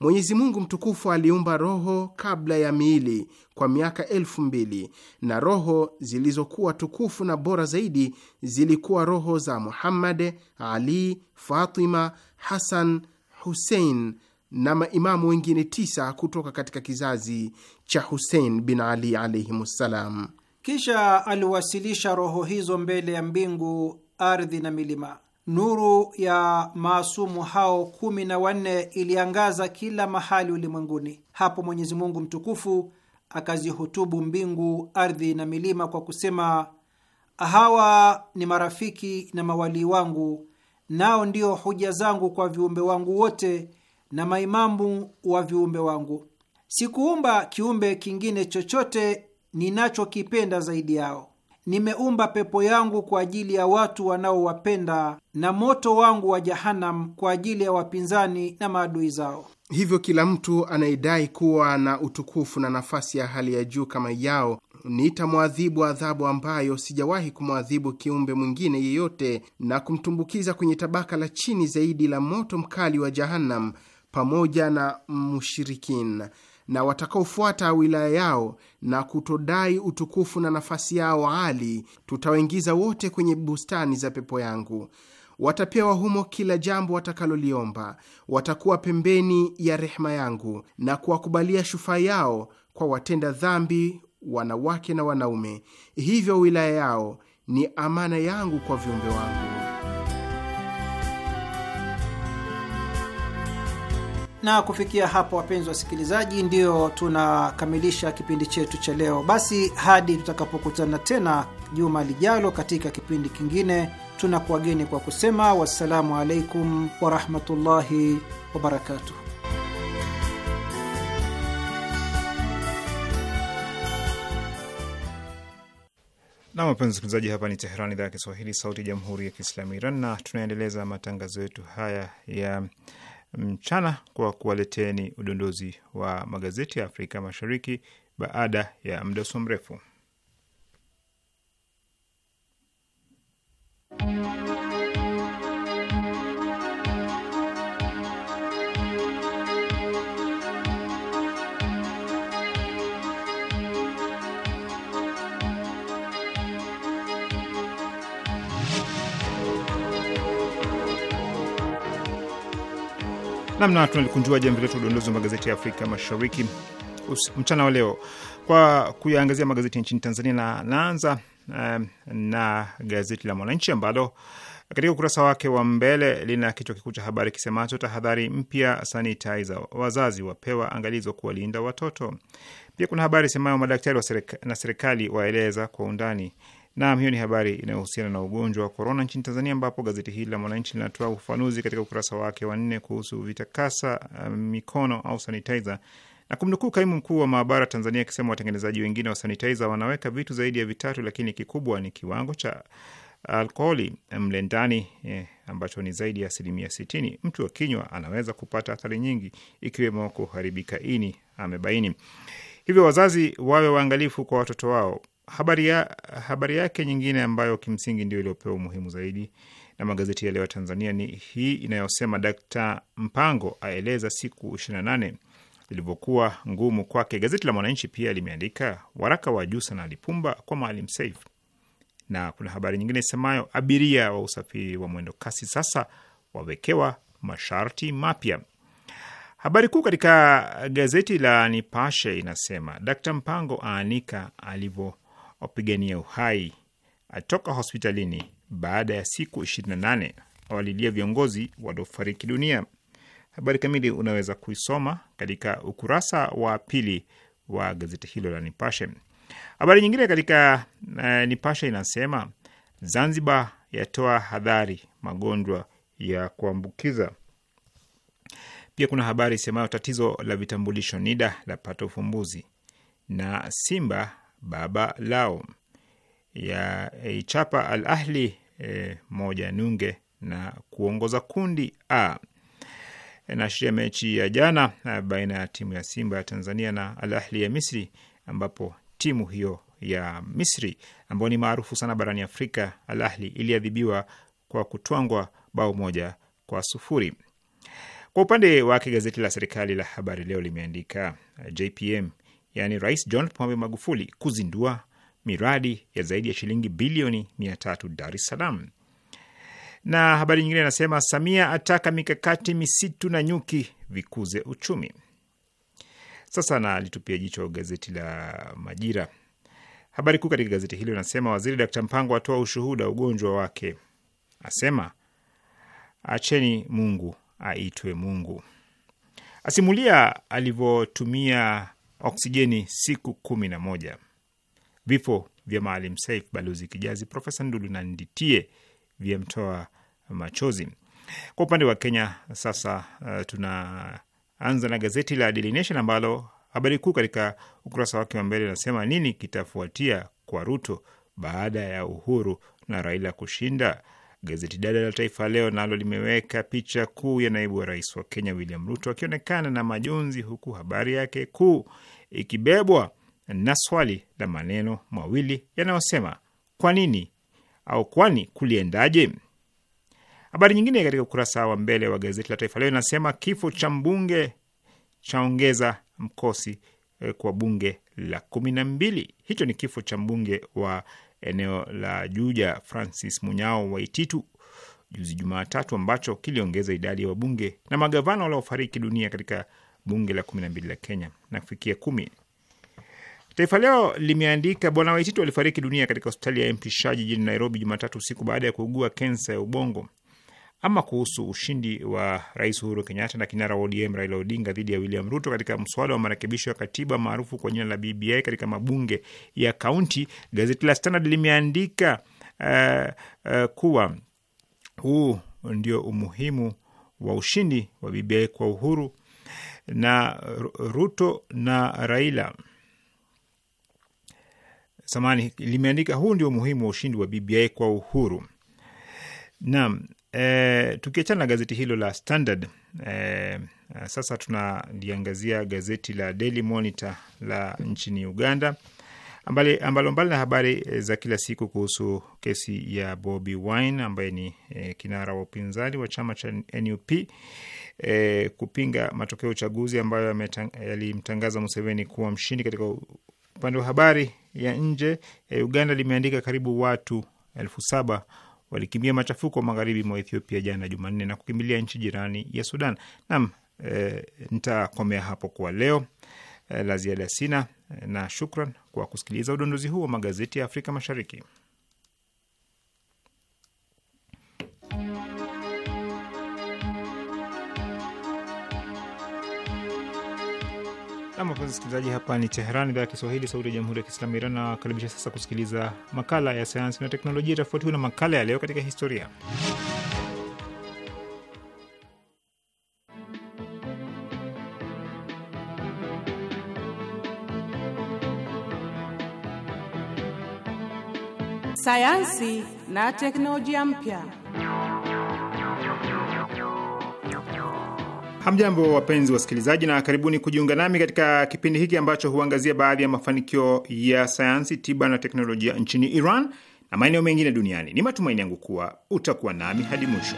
Mwenyezi Mungu mtukufu aliumba roho kabla ya miili kwa miaka elfu mbili na roho zilizokuwa tukufu na bora zaidi zilikuwa roho za Muhammad, Ali, Fatima, Hasan, Husein na maimamu wengine tisa kutoka katika kizazi cha Husein bin Ali alaihimsalam Kisha aliwasilisha roho hizo mbele ya mbingu, ardhi na milima Nuru ya maasumu hao kumi na wanne iliangaza kila mahali ulimwenguni. Hapo Mwenyezi Mungu mtukufu akazihutubu mbingu, ardhi na milima kwa kusema, hawa ni marafiki na mawalii wangu, nao ndio hoja zangu kwa viumbe wangu wote na maimamu wa viumbe wangu. Sikuumba kiumbe kingine chochote ninachokipenda zaidi yao nimeumba pepo yangu kwa ajili ya watu wanaowapenda na moto wangu wa Jahanam kwa ajili ya wapinzani na maadui zao. Hivyo kila mtu anayedai kuwa na utukufu na nafasi ya hali ya juu kama yao nitamwadhibu adhabu ambayo sijawahi kumwadhibu kiumbe mwingine yeyote, na kumtumbukiza kwenye tabaka la chini zaidi la moto mkali wa jahanam pamoja na mushirikin na watakaofuata wilaya yao na kutodai utukufu na nafasi yao ali, tutawaingiza wote kwenye bustani za pepo yangu. Watapewa humo kila jambo watakaloliomba. Watakuwa pembeni ya rehema yangu na kuwakubalia shufaa yao kwa watenda dhambi, wanawake na wanaume. Hivyo wilaya yao ni amana yangu kwa viumbe wangu. Na kufikia hapo, wapenzi wasikilizaji, ndio tunakamilisha kipindi chetu cha leo. Basi hadi tutakapokutana tena juma lijalo katika kipindi kingine, tunakuwageni kwa kusema wassalamu alaikum warahmatullahi wabarakatuh. Na wapenzi msikilizaji, hapa ni Teheran, idhaa ya Kiswahili, sauti ya jamhuri ya kiislamu Iran, na tunaendeleza matangazo yetu haya ya mchana kwa kuwaleteni udondozi wa magazeti ya Afrika Mashariki baada ya muda usio mrefu. Namna tunalikunjua jamvi letu udondozi wa magazeti ya Afrika Mashariki mchana wa leo kwa kuyaangazia magazeti nchini Tanzania, na naanza um, na gazeti la Mwananchi ambalo katika ukurasa wake wa mbele lina kichwa kikuu cha habari kisemacho tahadhari mpya sanitizer, wazazi wapewa angalizo kuwalinda watoto. Pia kuna habari semayo madaktari serika, na serikali waeleza kwa undani. Naam, hiyo ni habari inayohusiana na ugonjwa wa korona nchini Tanzania, ambapo gazeti hili la Mwananchi linatoa ufafanuzi katika ukurasa wake wa nne kuhusu vitakasa uh, mikono au sanitizer na kumnukuu kaimu mkuu wa maabara Tanzania akisema watengenezaji wengine wa sanitizer wanaweka vitu zaidi ya vitatu, lakini kikubwa ni kiwango cha alkoholi mle ndani eh, ambacho ni zaidi ya asilimia sitini. Mtu wa kinywa anaweza kupata athari nyingi ikiwemo kuharibika ini, amebaini. Hivyo wazazi wawe waangalifu kwa watoto wao habari, ya, habari yake nyingine ambayo kimsingi ndio iliyopewa umuhimu zaidi na magazeti ya leo ya Tanzania ni hii inayosema Dakta Mpango aeleza siku 28 ilivyokuwa ngumu kwake. Gazeti la Mwananchi pia limeandika waraka wa juu sana Lipumba kwa Maalim Seif, na kuna habari nyingine isemayo abiria wa usafiri wa mwendo kasi sasa wawekewa masharti mapya. Habari kuu katika gazeti la Nipashe inasema Dakta Mpango aanika alivyo wapigania uhai atoka hospitalini baada ya siku 28. Awalilia viongozi waliofariki dunia. Habari kamili unaweza kuisoma katika ukurasa wa pili wa gazeti hilo la Nipashe. Habari nyingine katika uh, Nipashe inasema Zanzibar yatoa hadhari magonjwa ya kuambukiza. Pia kuna habari isemayo tatizo la vitambulisho NIDA lapata ufumbuzi, na Simba baba lao ya ichapa e, Al Ahli e, moja nunge na kuongoza kundi A. Inaashiria mechi ya jana e, baina ya timu ya Simba ya Tanzania na Al Ahli ya Misri, ambapo timu hiyo ya Misri ambayo ni maarufu sana barani Afrika, Al Ahli iliadhibiwa kwa kutwangwa bao moja kwa sufuri. Kwa upande wake gazeti la serikali la Habari Leo limeandika JPM yani Rais John Pombe Magufuli kuzindua miradi ya zaidi ya shilingi bilioni mia tatu Dar es Salaam. Na habari nyingine inasema Samia ataka mikakati misitu na nyuki vikuze uchumi. Sasa na litupia jicho gazeti la Majira. Habari kuu katika gazeti hilo inasema Waziri Dakta Mpango atoa ushuhuda ugonjwa wake, asema acheni Mungu aitwe Mungu, asimulia alivyotumia oksijeni siku kumi na moja. Vifo vya Maalim Saif, Balozi Kijazi, Profesa Ndulu na Nditie vyamtoa machozi. Kwa upande wa Kenya sasa, uh, tunaanza na gazeti la Daily Nation ambalo habari kuu katika ukurasa wake wa mbele inasema nini kitafuatia kwa Ruto baada ya Uhuru na Raila kushinda. Gazeti dada la Taifa Leo nalo limeweka picha kuu ya naibu wa rais wa Kenya William Ruto akionekana na majonzi, huku habari yake kuu ikibebwa na swali la maneno mawili yanayosema kwa nini au kwani kuliendaje? Habari nyingine katika ukurasa wa mbele wa gazeti la Taifa Leo inasema kifo cha mbunge chaongeza mkosi eh, kwa bunge la kumi na mbili. Hicho ni kifo cha mbunge wa eneo la Juja Francis Munyao Waititu juzi Jumatatu, ambacho kiliongeza idadi ya wabunge na magavana waliofariki dunia katika bunge la kumi na mbili la Kenya na kufikia kumi. Taifa Leo limeandika Bwana Waititu alifariki dunia katika hospitali ya mpishaji jijini Nairobi Jumatatu usiku baada ya kuugua kensa ya ubongo. Ama kuhusu ushindi wa Rais Uhuru Kenyatta na kinara wa ODM Raila Odinga dhidi ya William Ruto katika mswada wa marekebisho ya katiba maarufu kwa jina la BBI katika mabunge ya kaunti, gazeti la Standard limeandika uh, uh, kuwa huu ndio umuhimu wa ushindi wa BBI kwa Uhuru na Ruto na Raila. Samani limeandika huu ndio umuhimu wa ushindi wa BBI kwa Uhuru. Naam, E, tukiachana na gazeti hilo la Standard e, sasa tunaliangazia gazeti la Daily Monitor la nchini Uganda ambalo mbali na habari eh, za kila siku kuhusu kesi ya Bobi Wine ambaye ni e, kinara wa upinzani wa chama cha NUP e, kupinga matokeo ya uchaguzi ambayo yalimtangaza Museveni kuwa mshindi. Katika upande wa habari ya nje e, Uganda limeandika karibu watu elfu saba walikimbia machafuko magharibi mwa Ethiopia jana Jumanne na kukimbilia nchi jirani ya Sudan. Naam, e, nitakomea hapo kwa leo. E, la ziada sina eh, na shukran kwa kusikiliza udondozi huu wa magazeti ya Afrika Mashariki. Nam wapenzi wasikilizaji, hapa ni Teheran, idhaa ya Kiswahili, sauti ya jamhuri ya kiislamu Iran. Nawakaribisha sasa kusikiliza makala ya sayansi na teknolojia tofauti na makala ya leo katika historia. Sayansi na teknolojia mpya. Hamjambo, wapenzi wasikilizaji, na karibuni kujiunga nami katika kipindi hiki ambacho huangazia baadhi ya mafanikio ya sayansi, tiba na teknolojia nchini Iran na maeneo mengine duniani. Ni matumaini yangu kuwa utakuwa nami hadi mwisho.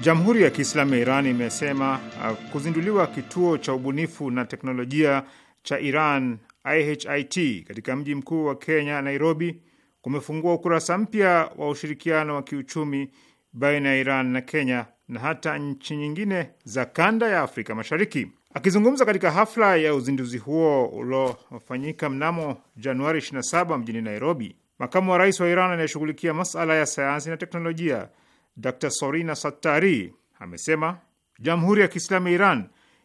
Jamhuri ya Kiislamu ya Iran imesema uh, kuzinduliwa kituo cha ubunifu na teknolojia cha Iran IHIT katika mji mkuu wa Kenya, Nairobi, kumefungua ukurasa mpya wa ushirikiano wa kiuchumi baina ya Iran na Kenya na hata nchi nyingine za kanda ya Afrika Mashariki. Akizungumza katika hafla ya uzinduzi huo uliofanyika mnamo Januari 27 mjini Nairobi, makamu wa rais wa Iran anayeshughulikia masala ya sayansi na teknolojia Dr Sorina Sattari amesema Jamhuri ya Kiislamu ya Iran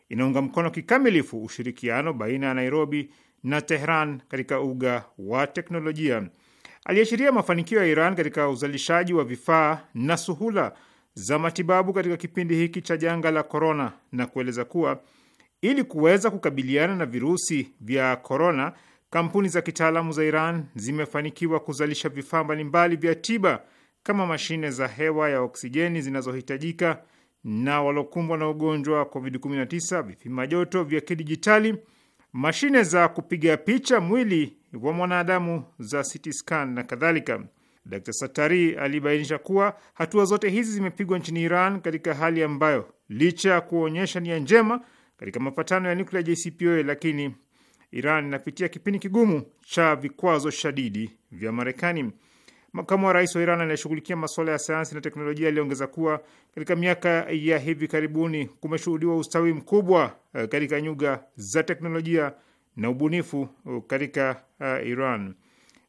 inaunga mkono kikamilifu ushirikiano baina ya Nairobi na Tehran katika uga wa teknolojia. Aliashiria mafanikio ya Iran katika uzalishaji wa vifaa na suhula za matibabu katika kipindi hiki cha janga la korona, na kueleza kuwa ili kuweza kukabiliana na virusi vya korona, kampuni za kitaalamu za Iran zimefanikiwa kuzalisha vifaa mbalimbali vya tiba kama mashine za hewa ya oksijeni zinazohitajika na walokumbwa na ugonjwa wa COVID-19, vipima joto vya kidijitali mashine za kupiga picha mwili wa mwanadamu za CT scan na kadhalika. Dr Satari alibainisha kuwa hatua zote hizi zimepigwa nchini Iran katika hali ambayo licha ya kuonyesha nia njema katika mapatano ya nuklia JCPOA, lakini Iran inapitia kipindi kigumu cha vikwazo shadidi vya Marekani. Makamu wa rais wa Iran anayeshughulikia masuala ya sayansi na teknolojia aliongeza kuwa katika miaka ya hivi karibuni kumeshuhudiwa ustawi mkubwa eh, katika nyuga za teknolojia na ubunifu eh, katika eh, Iran.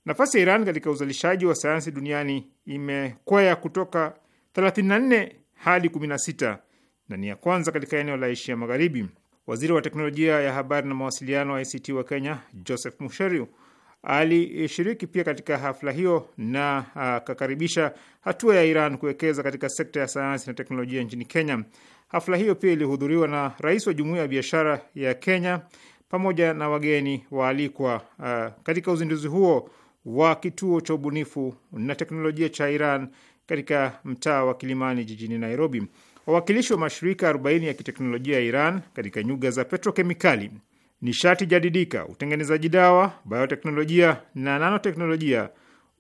Nafasi ya Iran katika uzalishaji wa sayansi duniani imekwea kutoka 34 hadi 16 na ni ya kwanza katika eneo la Asia Magharibi. Waziri wa teknolojia ya habari na mawasiliano ICT wa Kenya Joseph Musheriu Alishiriki pia katika hafla hiyo na akakaribisha hatua ya Iran kuwekeza katika sekta ya sayansi na teknolojia nchini Kenya. Hafla hiyo pia ilihudhuriwa na rais wa Jumuiya ya Biashara ya Kenya pamoja na wageni waalikwa. Uh, katika uzinduzi huo wa kituo cha ubunifu na teknolojia cha Iran katika mtaa wa Kilimani jijini Nairobi, wawakilishi wa mashirika 40 ya kiteknolojia ya Iran katika nyuga za petrokemikali nishati jadidika, utengenezaji dawa, bioteknolojia na nanoteknolojia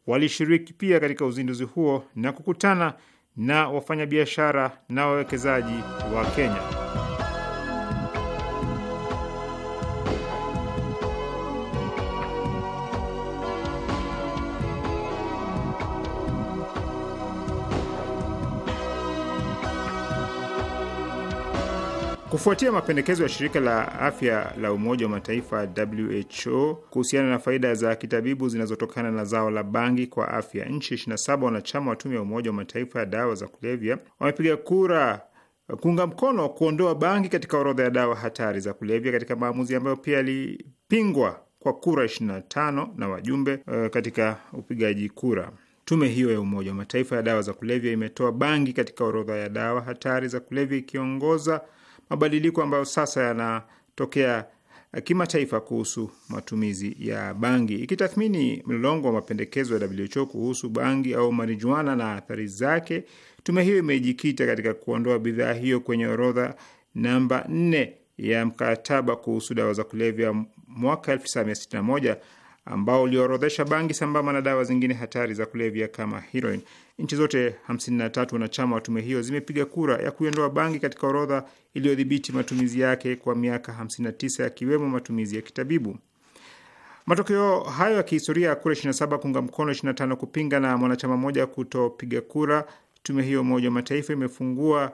walishiriki pia katika uzinduzi huo na kukutana na wafanyabiashara na wawekezaji wa Kenya. Kufuatia mapendekezo ya shirika la afya la Umoja wa Mataifa WHO kuhusiana na faida za kitabibu zinazotokana na zao la bangi kwa afya, nchi 27 wanachama wa tume ya Umoja wa Mataifa ya dawa za kulevya wamepiga kura kuunga mkono kuondoa bangi katika orodha ya dawa hatari za kulevya katika maamuzi ambayo pia yalipingwa kwa kura 25 na wajumbe uh, katika upigaji kura. Tume hiyo ya Umoja wa Mataifa ya dawa za kulevya imetoa bangi katika orodha ya dawa hatari za kulevya ikiongoza mabadiliko ambayo sasa yanatokea kimataifa kuhusu matumizi ya bangi. Ikitathmini mlolongo wa mapendekezo ya WHO kuhusu bangi au marijuana na athari zake, tume hiyo imejikita katika kuondoa bidhaa hiyo kwenye orodha namba nne ya mkataba kuhusu dawa za kulevya mwaka 1961 ambao uliorodhesha bangi sambamba na dawa zingine hatari za kulevya kama heroin. Nchi zote 53 wanachama wa tume hiyo zimepiga kura ya kuiondoa bangi katika orodha iliyodhibiti matumizi yake kwa miaka 59 yakiwemo matumizi ya kitabibu. Matokeo hayo ya kihistoria ya kura 27 kuunga mkono, 25 kupinga na mwanachama mmoja kutopiga kura, tume hiyo Umoja wa Mataifa imefungua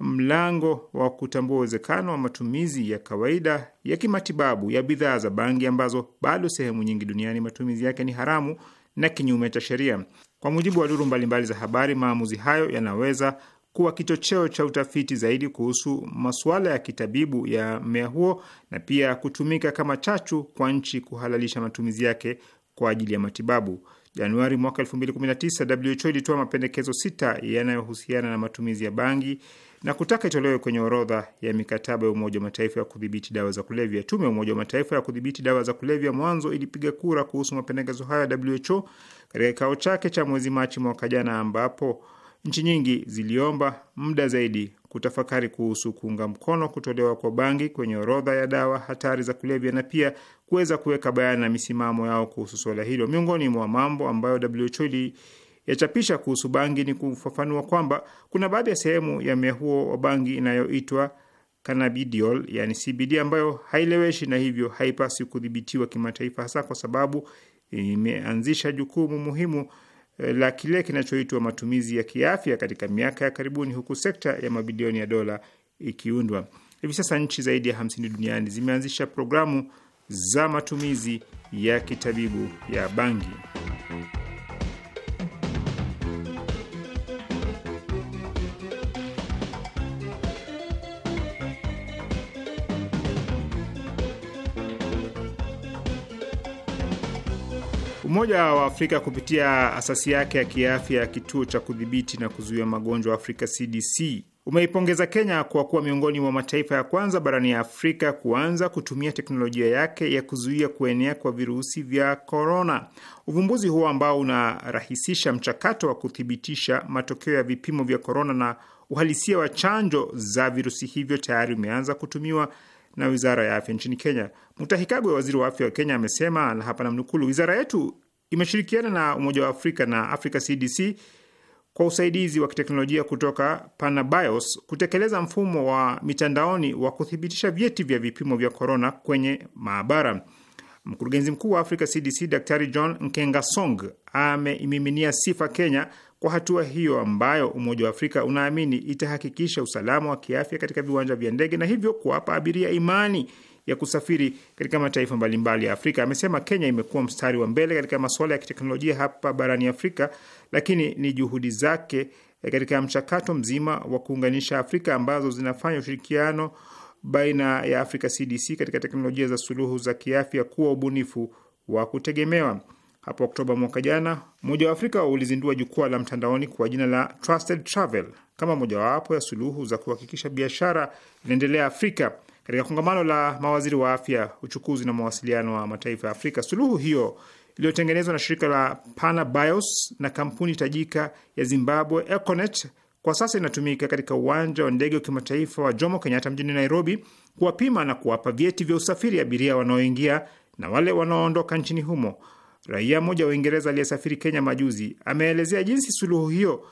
mlango wa kutambua uwezekano wa matumizi ya kawaida ya kimatibabu ya bidhaa za bangi ambazo bado sehemu nyingi duniani matumizi yake ni haramu na kinyume cha sheria. Kwa mujibu wa duru mbalimbali za habari, maamuzi hayo yanaweza kuwa kichocheo cha utafiti zaidi kuhusu masuala ya kitabibu ya mmea huo na pia kutumika kama chachu kwa nchi kuhalalisha matumizi yake kwa ajili ya matibabu. Januari mwaka 2019 WHO ilitoa mapendekezo sita yanayohusiana na matumizi ya bangi na kutaka itolewe kwenye orodha ya mikataba ya Umoja wa Mataifa ya kudhibiti dawa za kulevya. Tume ya Umoja wa Mataifa ya kudhibiti dawa za kulevya mwanzo ilipiga kura kuhusu mapendekezo hayo ya WHO katika kikao chake cha mwezi Machi mwaka jana, ambapo nchi nyingi ziliomba muda zaidi kutafakari kuhusu kuunga mkono kutolewa kwa bangi kwenye orodha ya dawa hatari za kulevya na pia kuweza kuweka bayana misimamo yao kuhusu suala hilo. Miongoni mwa mambo ambayo WHO yachapisha kuhusu bangi ni kufafanua kwamba kuna baadhi ya sehemu ya mmea huo wa bangi inayoitwa cannabidiol, yani CBD, ambayo haileweshi na hivyo haipasi kudhibitiwa kimataifa, hasa kwa sababu imeanzisha jukumu muhimu eh, la kile kinachoitwa matumizi ya kiafya katika miaka ya karibuni, huku sekta ya mabilioni ya dola ikiundwa. Hivi sasa nchi zaidi ya hamsini duniani zimeanzisha programu za matumizi ya kitabibu ya bangi. Umoja wa Afrika kupitia asasi yake ya kiafya ya kituo cha kudhibiti na kuzuia magonjwa Afrika CDC umeipongeza Kenya kwa kuwa miongoni mwa mataifa ya kwanza barani ya Afrika kuanza kutumia teknolojia yake ya kuzuia kuenea kwa virusi vya korona. Uvumbuzi huo ambao unarahisisha mchakato wa kuthibitisha matokeo ya vipimo vya korona na uhalisia wa chanjo za virusi hivyo tayari umeanza kutumiwa na wizara ya afya nchini Kenya. Mutahikagwe, waziri wa afya wa Kenya, amesema na hapa namnukuu: wizara yetu imeshirikiana na Umoja wa Afrika na Africa CDC kwa usaidizi wa kiteknolojia kutoka Panabios kutekeleza mfumo wa mitandaoni wa kuthibitisha vyeti vya vipimo vya korona kwenye maabara. Mkurugenzi mkuu wa Africa CDC Daktari John Nkengasong ameimiminia sifa Kenya kwa hatua hiyo ambayo Umoja wa Afrika unaamini itahakikisha usalama wa kiafya katika viwanja vya ndege na hivyo kuwapa abiria imani ya kusafiri katika mataifa mbalimbali ya Afrika. Amesema Kenya imekuwa mstari wa mbele katika masuala ya kiteknolojia hapa barani Afrika, lakini ni juhudi zake eh, katika mchakato mzima wa kuunganisha Afrika ambazo zinafanya ushirikiano baina ya Afrika CDC katika teknolojia za suluhu za kiafya kuwa ubunifu wa kutegemewa. Hapo Oktoba mwaka jana, Umoja wa Afrika ulizindua jukwaa la mtandaoni kwa jina la Trusted Travel kama mojawapo ya suluhu za kuhakikisha biashara inaendelea Afrika katika kongamano la mawaziri wa afya, uchukuzi na mawasiliano wa mataifa ya Afrika. Suluhu hiyo iliyotengenezwa na shirika la Bios na kampuni tajika ya Zimbabwe Econet kwa sasa inatumika katika uwanja wa ndege wa kimataifa wa Jomo Kenyatta mjini Nairobi kuwapima na kuwapa vyeti vya usafiri abiria wanaoingia na wale wanaoondoka nchini humo. Raia mmoja wa Uingereza aliyesafiri Kenya majuzi ameelezea jinsi suluhu hiyo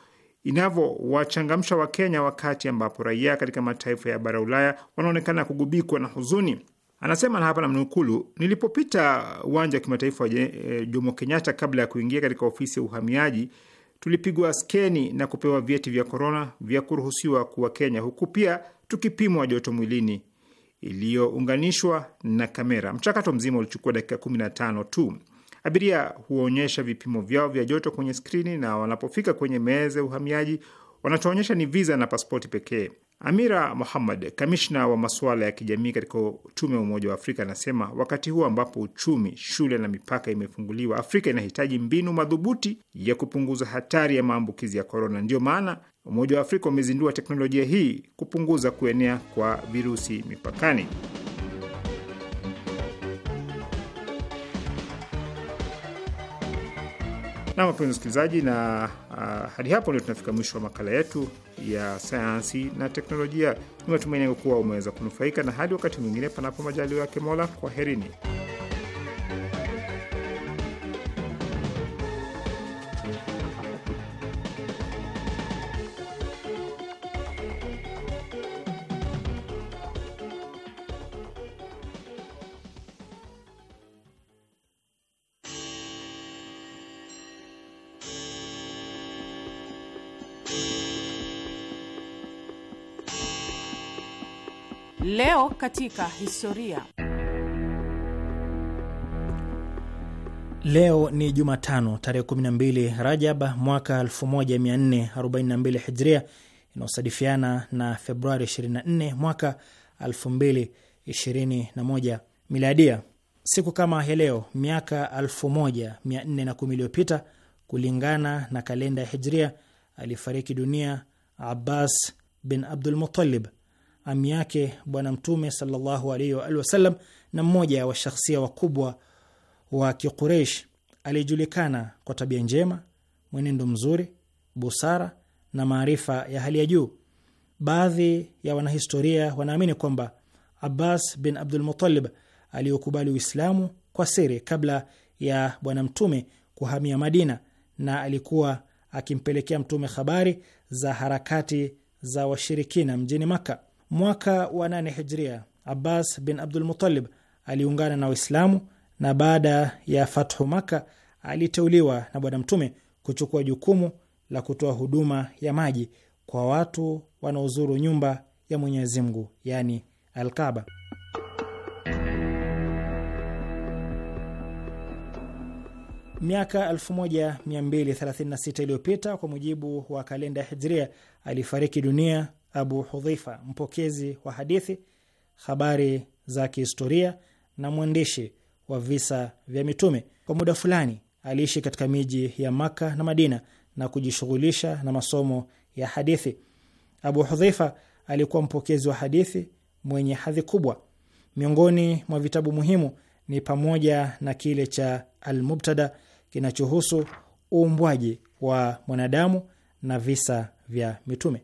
inavyowachangamsha Wakenya wakati ambapo raia katika mataifa ya bara Ulaya wanaonekana kugubikwa na huzuni. Anasema na hapa mnukulu, nilipopita uwanja wa kimataifa wa eh, Jomo Kenyatta kabla ya kuingia katika ofisi ya uhamiaji, tulipigwa skeni na kupewa vyeti vya korona vya kuruhusiwa kuwa Kenya, huku pia tukipimwa joto mwilini iliyounganishwa na kamera. Mchakato mzima ulichukua dakika 15 tu. Abiria huonyesha vipimo vyao vya joto kwenye skrini na wanapofika kwenye meza ya uhamiaji wanachoonyesha ni viza na paspoti pekee. Amira muhammad kamishna wa masuala ya kijamii katika tume ya Umoja wa Afrika, anasema wakati huu ambapo uchumi, shule na mipaka imefunguliwa, Afrika inahitaji mbinu madhubuti ya kupunguza hatari ya maambukizi ya korona. Ndiyo maana Umoja wa Afrika umezindua teknolojia hii kupunguza kuenea kwa virusi mipakani. Na wapenzi wasikilizaji, na uh, hadi hapo ndio tunafika mwisho wa makala yetu ya sayansi na teknolojia. Ni matumaini yangu kuwa umeweza kunufaika, na hadi wakati mwingine, panapo majaliwa yake Mola, kwaherini. Leo katika historia. Leo ni Jumatano tarehe 12 Rajab mwaka 1442 Hijria, inayosadifiana na Februari 24 mwaka 2021 Miladia. Siku kama ya leo miaka 1410 iliyopita, kulingana na kalenda ya Hijria, alifariki dunia Abbas bin Abdul Muttalib ami yake Bwana Mtume sallallahu alaihi wa alihi wasallam na mmoja wa shakhsia wakubwa wa kiquraish aliyejulikana kwa tabia njema, mwenendo mzuri, busara na maarifa ya hali ya juu. Baadhi ya wanahistoria wanaamini kwamba Abbas bin Abdul Muttalib aliyokubali Uislamu kwa siri kabla ya Bwana Mtume kuhamia Madina, na alikuwa akimpelekea Mtume habari za harakati za washirikina mjini Makka. Mwaka wa nane hijria, Abbas bin Abdul Muttalib aliungana na Waislamu na baada ya fathu Maka aliteuliwa na Bwana Mtume kuchukua jukumu la kutoa huduma ya maji kwa watu wanaozuru nyumba ya Mwenyezi Mungu, yani Alkaba. Miaka 1236 iliyopita kwa mujibu wa kalenda ya Hijria alifariki dunia Abu Hudhaifa, mpokezi wa hadithi, habari za kihistoria na mwandishi wa visa vya mitume. Kwa muda fulani aliishi katika miji ya Maka na Madina na kujishughulisha na masomo ya hadithi. Abu Hudhaifa alikuwa mpokezi wa hadithi mwenye hadhi kubwa. Miongoni mwa vitabu muhimu ni pamoja na kile cha Almubtada kinachohusu uumbwaji wa mwanadamu na visa vya mitume.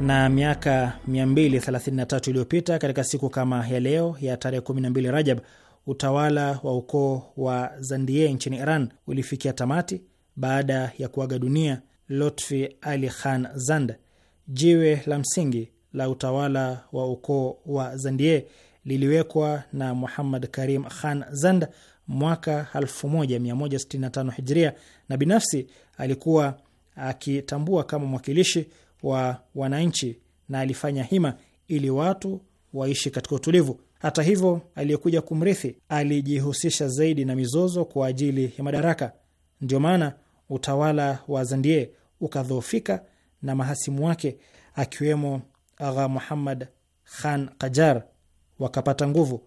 na miaka 233 iliyopita katika siku kama ya leo ya tarehe 12 Rajab, utawala wa ukoo wa Zandie nchini Iran ulifikia tamati baada ya kuaga dunia Lotfi Ali Khan Zand. Jiwe la msingi la utawala wa ukoo wa Zandie liliwekwa na Muhammad Karim Khan Zand mwaka 1165 Hijria, na binafsi alikuwa akitambua kama mwakilishi wa wananchi na alifanya hima ili watu waishi katika utulivu. Hata hivyo, aliyekuja kumrithi alijihusisha zaidi na mizozo kwa ajili ya madaraka. Ndio maana utawala wa Zandie ukadhoofika na mahasimu wake akiwemo Agha Muhammad Khan Qajar wakapata nguvu.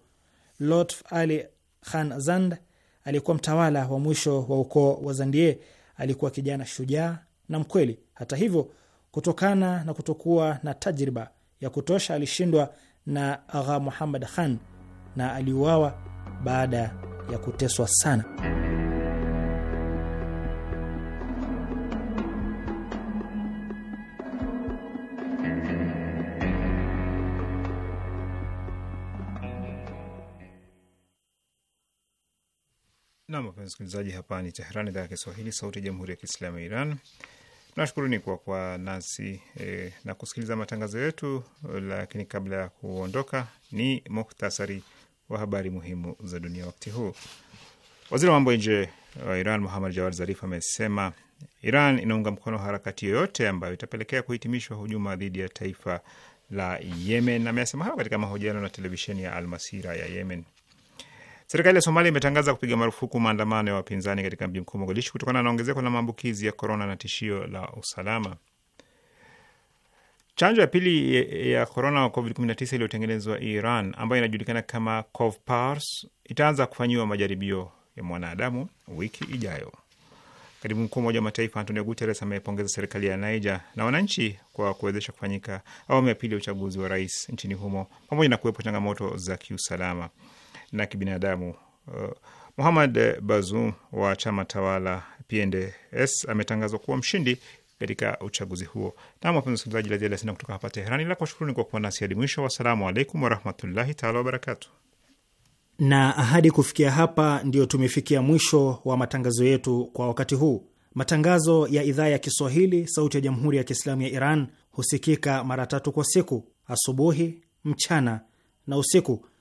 Lotf Ali Khan Zand alikuwa mtawala wa mwisho wa ukoo wa Zandie. Alikuwa kijana shujaa na mkweli. Hata hivyo, Kutokana na kutokuwa na tajriba ya kutosha, alishindwa na Agha Muhammad Khan na aliuawa baada ya kuteswa sana. Nam, wapenzi msikilizaji, hapa ni Teherani, idhaa ya Kiswahili, sauti ya jamhuri ya kiislamu ya Iran nashukuruni kwa kuwa nasi e, na kusikiliza matangazo yetu, lakini kabla ya kuondoka ni muhtasari wa habari muhimu za dunia wakati huu. Waziri wa mambo ya nje wa Iran Muhammad Jawad Zarif amesema Iran inaunga mkono harakati yoyote ambayo itapelekea kuhitimishwa hujuma dhidi ya taifa la Yemen. Amesema hayo katika mahojiano na televisheni ya Almasira ya Yemen. Serikali ya Somalia imetangaza kupiga marufuku maandamano ya wapinzani katika mji mkuu Mogadishu kutokana na ongezeko la maambukizi ya korona na tishio la usalama. Chanjo ya pili ya korona wa COVID-19 iliyotengenezwa Iran ambayo inajulikana kama Covpars itaanza kufanyiwa majaribio ya mwanadamu wiki ijayo. Katibu mkuu Umoja wa Mataifa Antonio Guterres amepongeza serikali ya Niger na wananchi kwa kuwezesha kufanyika awamu ya pili ya uchaguzi wa rais nchini humo pamoja na kuwepo changamoto za kiusalama na kibinadamu. Uh, Muhamad Bazoum wa chama tawala PNDS ametangazwa kuwa mshindi katika uchaguzi huo. Nam, wapenzi wasikilizaji, la ziada sina kutoka hapa Teherani, la kuwashukuruni kwa kuwa nasi hadi mwisho. Wassalamu alaikum warahmatullahi taala wabarakatu. Na hadi kufikia hapa, ndio tumefikia mwisho wa matangazo yetu kwa wakati huu. Matangazo ya idhaa ya Kiswahili sauti ya jamhuri ya Kiislamu ya Iran husikika mara tatu kwa siku: asubuhi, mchana na usiku